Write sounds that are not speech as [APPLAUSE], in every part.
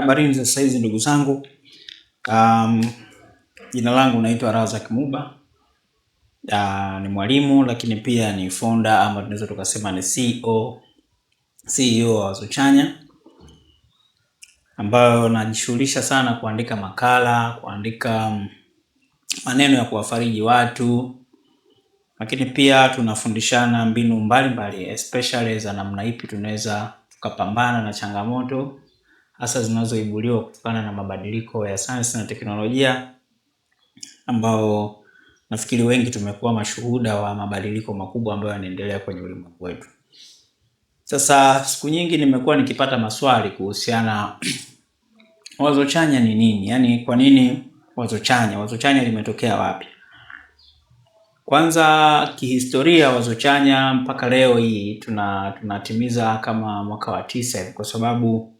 Habarini za sasa hizi ndugu zangu, um, jina langu naitwa Razak Muba. Uh, ni mwalimu lakini pia ni founder ama tunaweza tukasema ni CEO, CEO wa Wazo Chanya ambayo najishughulisha sana kuandika makala, kuandika um, maneno ya kuwafariji watu, lakini pia tunafundishana mbinu mbalimbali especially za namna ipi tunaweza tukapambana na changamoto hasa zinazoibuliwa kutokana na mabadiliko ya sayansi na teknolojia, ambao nafikiri wengi tumekuwa mashuhuda wa mabadiliko makubwa ambayo yanaendelea kwenye ulimwengu wetu. Sasa siku nyingi nimekuwa nikipata maswali kuhusiana [CLEARS THROAT] wazo chanya ni nini? Yaani kwa nini wazo chanya? Wazo chanya limetokea wapi? Kwanza kihistoria, wazo chanya mpaka leo hii tuna tunatimiza kama mwaka wa tisa hivi, kwa sababu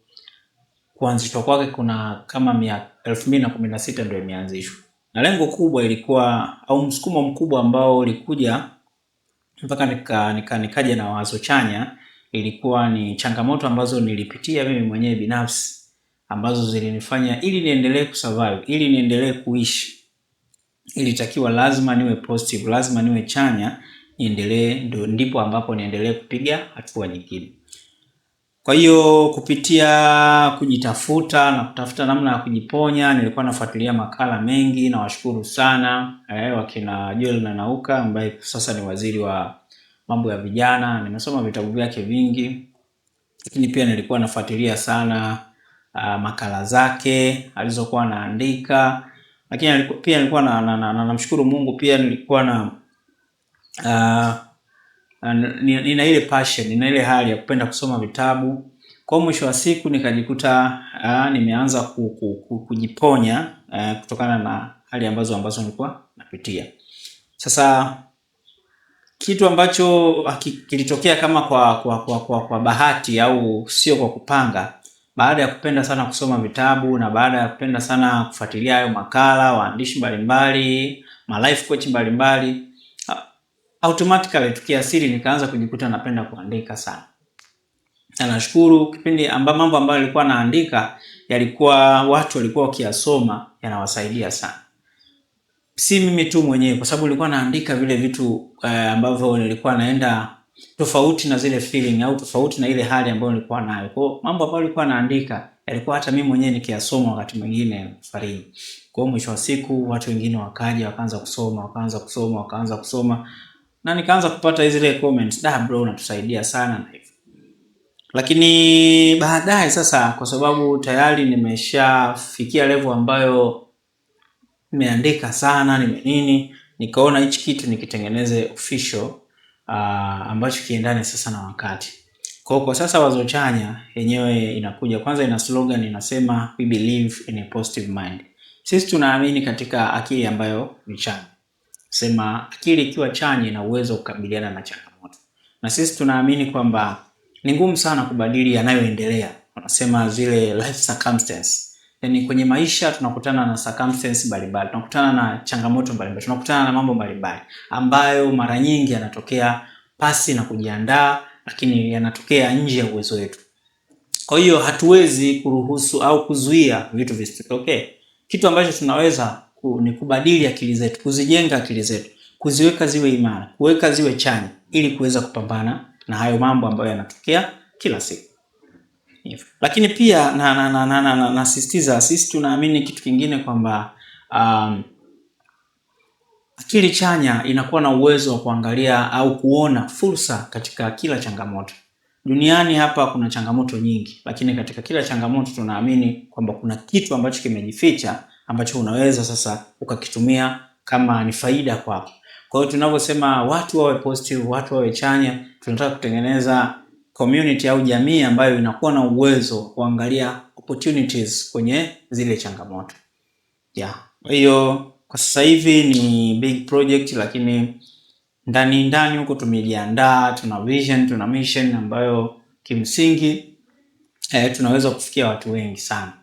kuanzishwa kwake kuna kama mia elfu mbili na kumi na sita ndio imeanzishwa, na lengo kubwa ilikuwa au msukumo mkubwa ambao ulikuja mpaka nika, nika, nikaja na wazo chanya, ilikuwa ni changamoto ambazo nilipitia mimi mwenyewe binafsi ambazo zilinifanya ili niendelee kusurvive, ili niendelee kuishi, ilitakiwa lazima niwe positive, lazima niwe chanya, niendelee, ndipo ambapo niendelee kupiga hatua nyingine. Kwa hiyo kupitia kujitafuta na kutafuta namna ya kujiponya, nilikuwa nafuatilia makala mengi. Nawashukuru sana eh, wakina Joel na Nauka ambaye sasa ni waziri wa mambo ya vijana. Nimesoma vitabu vyake vingi, lakini pia nilikuwa nafuatilia sana uh, makala zake alizokuwa anaandika, lakini pia nilikuwa na, na, na, na, na Mungu pia nilikuwa na uh, nina, nina ile passion, nina ile hali ya kupenda kusoma vitabu. Kwa mwisho wa siku nikajikuta uh, nimeanza ku, ku, ku, kujiponya uh, kutokana na hali ambazo ambazo nilikuwa napitia. Sasa kitu ambacho kilitokea kama kwa, kwa, kwa, kwa, kwa bahati au sio kwa kupanga, baada ya kupenda sana kusoma vitabu na baada ya kupenda sana kufuatilia hayo makala, waandishi mbalimbali, ma life coach mbalimbali automatically tukiasiri nikaanza kujikuta napenda kuandika sana. Na nashukuru kipindi amba mambo ambayo nilikuwa naandika yalikuwa watu walikuwa wakiyasoma yanawasaidia sana. Si mimi tu mwenyewe kwa sababu nilikuwa naandika vile vitu eh, ambavyo nilikuwa naenda tofauti na zile feeling au tofauti na ile hali ambayo nilikuwa nayo. Kwa mambo ambayo nilikuwa naandika yalikuwa hata mimi mwenyewe nikiyasoma wakati mwingine farini. Kwa hiyo mwisho wa siku watu wengine wakaja wakaanza kusoma, wakaanza kusoma, wakaanza kusoma na nikaanza kupata zile comments, da bro, unatusaidia sana na hivyo. Lakini baadaye sasa, kwa sababu tayari nimeshafikia level ambayo nimeandika sana, nime nini, nikaona hichi kitu nikitengeneze official uh, ambacho kiendane sasa na wakati. Kwa kwa sasa Wazo Chanya yenyewe inakuja kwanza, ina slogan inasema we believe in a positive mind. Sisi tunaamini katika akili ambayo ni chanya sema akili ikiwa chanya ina uwezo kukabiliana na changamoto, na sisi tunaamini kwamba ni ngumu sana kubadili yanayoendelea, wanasema zile life circumstances. Yani kwenye maisha tunakutana na circumstances mbalimbali, tunakutana na changamoto mbalimbali, tunakutana na mambo mbalimbali ambayo mara nyingi yanatokea pasi na kujiandaa, lakini yanatokea nje ya uwezo wetu. Kwa hiyo hatuwezi kuruhusu au kuzuia vitu visitokee. Kitu ambacho tunaweza ni kubadili akili zetu, kuzijenga akili zetu, kuziweka ziwe imara, kuweka ziwe chanya, ili kuweza kupambana na hayo mambo ambayo yanatokea kila siku. Lakini pia na na na, na, na, na, nasisitiza sisi tunaamini kitu kingine kwamba um, akili chanya inakuwa na uwezo wa kuangalia au kuona fursa katika kila changamoto. Duniani hapa kuna changamoto nyingi, lakini katika kila changamoto tunaamini kwamba kuna kitu ambacho kimejificha ambacho unaweza sasa ukakitumia kama ni faida kwako. Kwa hiyo tunavyosema watu wawe positive, watu wawe chanya, tunataka kutengeneza community au jamii ambayo inakuwa na uwezo wa kuangalia opportunities kwenye zile changamoto. Yeah. Kwa hiyo kwa sasa hivi ni big project, lakini ndani ndani huko tumejiandaa, tuna vision, tuna mission ambayo kimsingi eh, tunaweza kufikia watu wengi sana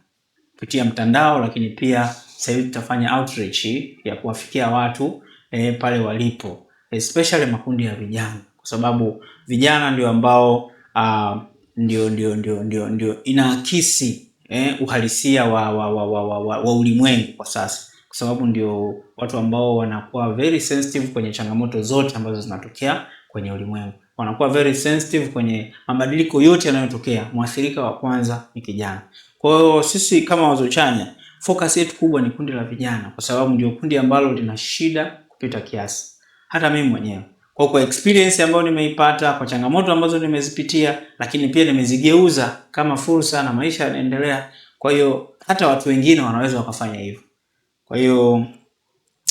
kupitia mtandao, lakini pia sasa hivi tutafanya outreach ya kuwafikia watu e, pale walipo especially makundi ya vijana, kwa sababu vijana ndio ambao uh, ndio, ndio, ndio, ndio, ndio inaakisi eh, uhalisia wa, wa, wa, wa, wa, wa, wa ulimwengu kwa sasa, kwa sababu ndio watu ambao wanakuwa very sensitive kwenye changamoto zote ambazo zinatokea kwenye ulimwengu, wanakuwa very sensitive kwenye mabadiliko yote yanayotokea. Mwathirika wa kwanza ni kijana. Kwa hiyo sisi kama Wazo Chanya, focus yetu kubwa ni kundi la vijana, kwa sababu ndio kundi ambalo lina shida kupita kiasi, hata mimi mwenyewe kwa kwa experience ambayo nimeipata, kwa changamoto ambazo nimezipitia, lakini pia nimezigeuza kama fursa na maisha yanaendelea. Kwa hiyo hata watu wengine wanaweza wakafanya hivyo. Kwa hiyo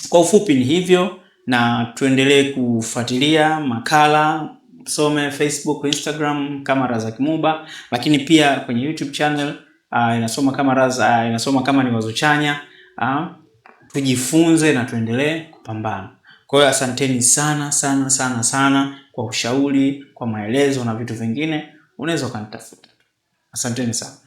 kwa ufupi ni hivyo, na tuendelee kufuatilia makala, some Facebook, Instagram kama Razak Muba, lakini pia kwenye YouTube channel uh, inasoma kama raz, uh, ah, inasoma kama ni wazo chanya uh, tujifunze na tuendelee kupambana. Kwa hiyo asanteni sana sana sana sana kwa ushauri, kwa maelezo na vitu vingine, unaweza ukanitafuta. Asanteni sana.